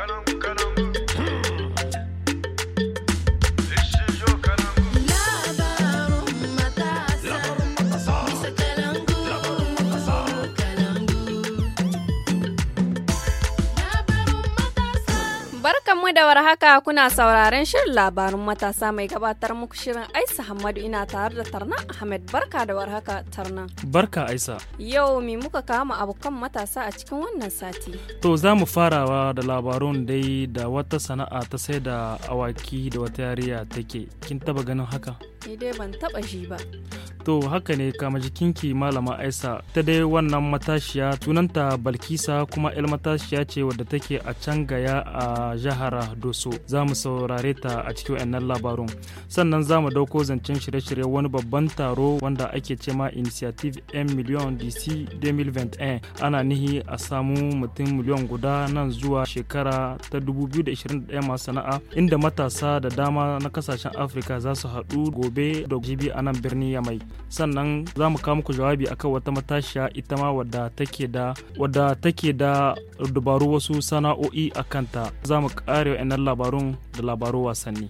Caramba, caramba. mu da warhaka kuna sauraren shirin labarun matasa mai gabatar muku shirin Aisa Hamadu ina tare da Tarna Ahmed barka da warhaka Tarna. Barka Aisa. Yau me muka kama abokan matasa a cikin wannan sati? To za mu farawa da labarun dai da wata sana'a ta sai da awaki da wata yariya take. Kin taba ganin haka? ni dai ban taba shi ba to haka ne kama jikinki malama aisa ta dai wannan matashiya tunanta balkisa kuma yar matashiya ce wadda take a can gaya a jihar doso za mu saurare ta a cikin wannan labarun sannan za mu dauko zancen shirye-shirye wani babban taro wanda ake ce ma initiative m million dc 2021 ana nihi a samu mutum miliyan guda nan zuwa shekara ta 2021 masu sana'a inda matasa da dama na kasashen afirka za su haɗu gobe gobe da jibi a nan birni ya mai sannan za mu kawo muku jawabi akan wata matashiya ita ma wadda take da wadda da dubaru wasu sana'o'i a kanta za mu kare wa'annan labarun da labarun wasanni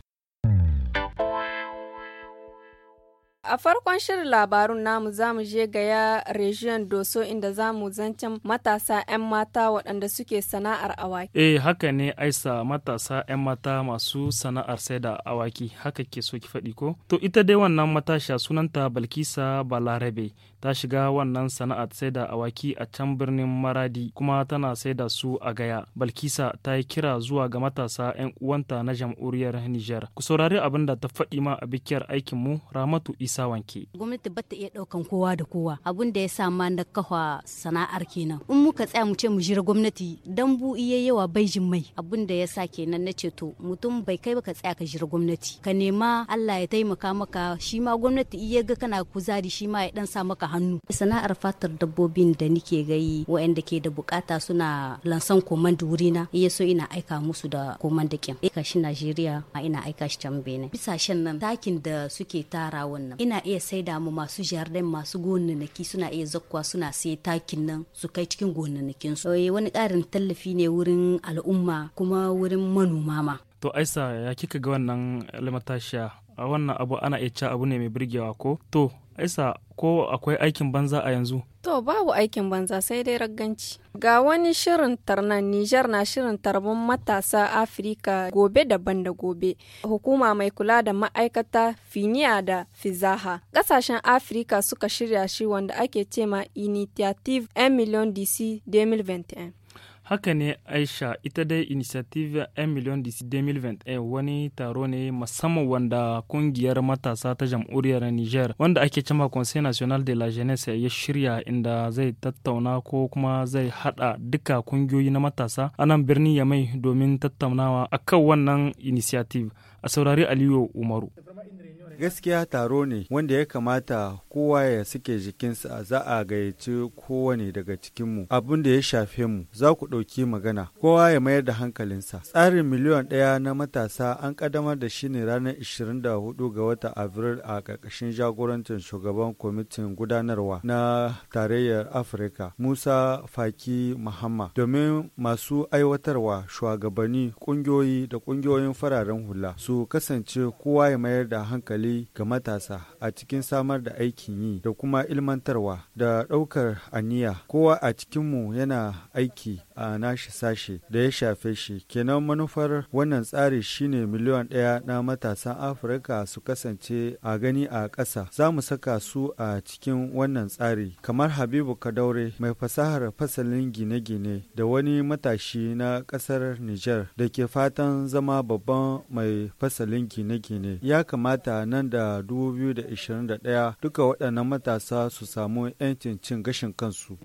A farkon shirin labarun namu za mu je gaya Region Doso inda za mu zancen matasa 'yan mata waɗanda suke sana'ar awaki. Eh haka ne aisa matasa 'yan mata masu sana'ar sai da awaki haka ke so ki faɗi ko? To ita dai wannan matasha sunanta Balkisa Balarabe ta shiga wannan sana'ar saida da awaki a can birnin Maradi kuma tana saida su a gaya. Balkisa ta yi kira zuwa ga matasa 'yan uwanta na jam'uriyar Nijar. Ku saurari abin da ta faɗi ma a bikiyar aikinmu Ramatu Isa sawanki gwamnati bata iya ɗaukan kowa da kowa abun da ya sa ma na kafa sana'ar kenan in muka tsaya mu ce mu jira gwamnati bu iya yawa bai jin mai abun da ya sa kenan na to mutum bai kai ba ka tsaya ka jira gwamnati ka nema Allah ya taimaka maka shi ma gwamnati iya ga kana kuzari shi ma ya dan sa maka hannu sana'ar fatar dabbobin da nike gayi waɗanda ke da bukata suna lansan wuri wurina iya so ina aika musu da komanda kin aika shi Najeriya ma ina aika shi can Benin bisashen nan takin da suke tara wannan yana iya saida mu masu jardin masu gonannaki suna iya zakwa suna sai takin nan su kai cikin gonannakin su eh, wani karin tallafi ne wurin al'umma kuma wurin manoma ma to aisa ya kika ga wannan limatasha a wannan abu ana iya ca abu ne mai birgewa ko to Aisa ko akwai aikin banza a yanzu? To babu aikin banza sai dai ragganci. Ga wani shirin tarnan Nijar na shirin tarbin matasa Afirka gobe daban da gobe. Hukuma mai kula da ma'aikata Finiya da Fizaha. Ƙasashen Afirka suka shirya shi wanda ake cema Initiative 1 Million DC 2021. Haka ne Aisha ita dai Initiative 1 Million DC 2021 wani taro ne musamman wanda kungiyar matasa ta jamhuriyar Niger wanda ake cema Conseil National de la Jeunesse ya shirya inda zai tattauna ko kuma zai hada duka kungiyoyi na matasa a nan birnin Yamai domin tattaunawa akan wannan initiative a saurari Aliyu Umaru. Gaskiya taro ne wanda ya kamata kowa ya suke jikinsa za a gayyaci kowane daga cikinmu abin da ya shafe mu za ku ɗauki magana kowa ya mayar da hankalinsa. Tsarin miliyon ɗaya na matasa an ƙaddamar da shi ne ranar 24 ga wata Abril a ƙarƙashin jagorancin shugaban kwamitin gudanarwa na tarayyar Afirka Musa Faki Muhammad domin masu aiwatarwa shugabanni ƙungiyoyi da ƙungiyoyin fararen hula su kasance kowa ya mayar da hankali hankali ga matasa a cikin samar da aikin yi da kuma ilmantarwa da ɗaukar aniya kowa a cikinmu yana aiki a nashi sashe da ya shafe shi kenan manufar wannan tsari shine miliyan ɗaya na matasan afirka su kasance a gani a ƙasa za mu saka su a cikin wannan tsari kamar habibu kadaure mai fasahar fasalin gine-gine da wani matashi na ƙasar niger da ke fatan zama babban mai fasalin gine-gine ya kamata nan da 2021 duka waɗannan matasa su samu 'yancin cin gashin kansu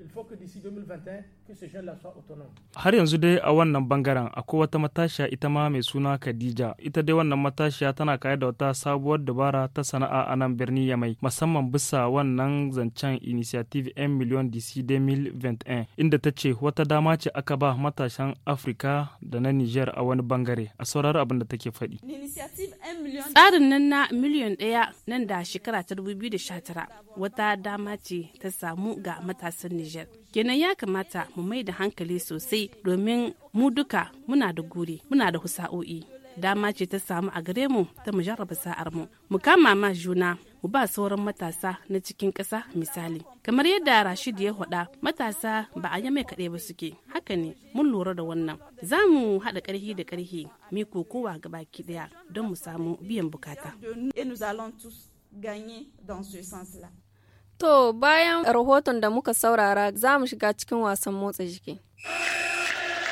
Har yanzu dai a wannan bangaren akwai wata matashiya ita ma mai suna Khadija. Ita dai wannan matashiya tana kayar da wata sabuwar dabara ta sana'a a nan birni mai musamman bisa wannan zancen Initiative M Million DC 2021 inda ta ce wata dama ce aka ba matashan Afirka da na Niger a wani bangare a saurari abin da take faɗi. Tsarin nan na miliyon ɗaya nan da shekara ta 2019 wata dama ce ta samu ga matasan Niger. kenan ya kamata mu mai da hankali sosai domin mu duka muna da guri muna da husa'o'i dama ce ta samu a gare mu ta mu jarraba sa'ar mu mu kama ma juna mu ba sauran matasa na cikin ƙasa misali kamar yadda rashid ya hoda matasa ba a yamai kaɗai ba suke haka ne mun lura da wannan za mu haɗa ƙarfi da ƙarfi mi kokowa ga baki ɗaya don mu samu biyan bukata To bayan rahoton da muka saurara za mu shiga cikin wasan motsa jiki.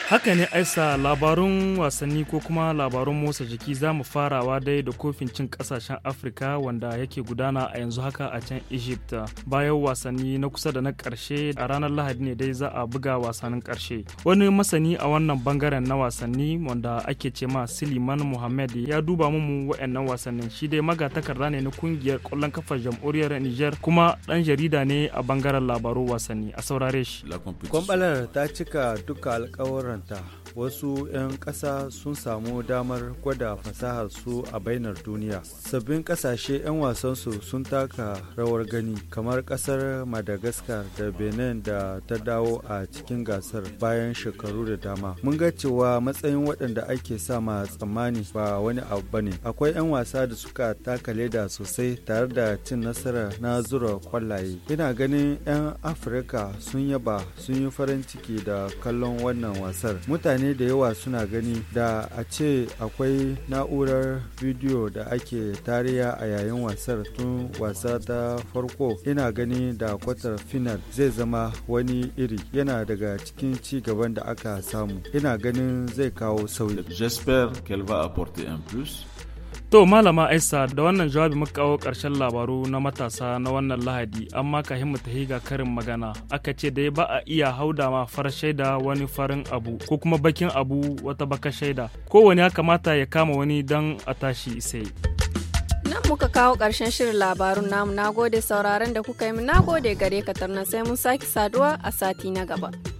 Haka ne aisa labarun wasanni ko kuma labarun motsa jiki za mu farawa dai da kofin cin kasashen Afirka wanda yake gudana a yanzu haka a can Egypt. Bayan wasanni na kusa da na karshe a ranar Lahadi ne dai za a buga wasannin karshe. Wani masani a wannan bangaren na wasanni wanda ake ce ma Siliman Muhammad ya duba mu waɗannan wasannin shi dai magatakarda ne na kungiyar kwallon kafar jamhuriyar Niger kuma dan jarida ne a bangaren labarun wasanni a saurare shi. Kwambalar ta cika duka alkawuran да. wasu 'yan ƙasa sun samu damar gwada fasahar su a bainar duniya. Sabbin ƙasashe 'yan wasansu sun taka rawar gani kamar ƙasar Madagascar da Benin da ta dawo a cikin gasar bayan shekaru da dama. Mun ga cewa matsayin waɗanda ake sa ma tsammani ba wani abu ba ne. Akwai 'yan wasa da suka taka leda sosai tare da cin nasara na zura kwallaye. Ina ganin 'yan Afirka sun yaba sun yi farin ciki da kallon wannan wasar. Mutane mutane da yawa suna gani da a ce akwai na'urar bidiyo da ake tariya a yayin wasar tun wasa ta farko ina gani da kwatar final zai zama wani iri yana daga cikin ci gaban da aka samu ina ganin zai kawo sauyi j'espère qu'elle va apporter un plus To Malama Aisa da wannan jawabi muka kawo karshen labaru na matasa na wannan Lahadi amma kahin mu tahi higa karin magana aka ce dai ba a iya hauda ma far shaida wani farin abu ko kuma bakin abu wata baka shaida kowane ya kamata ya kama wani dan a tashi sai. Nan muka kawo ƙarshen shirin labarun namu nagode sauraron da kuka yi mu nagode gare ka tarna sai mun sake saduwa a sati na gaba.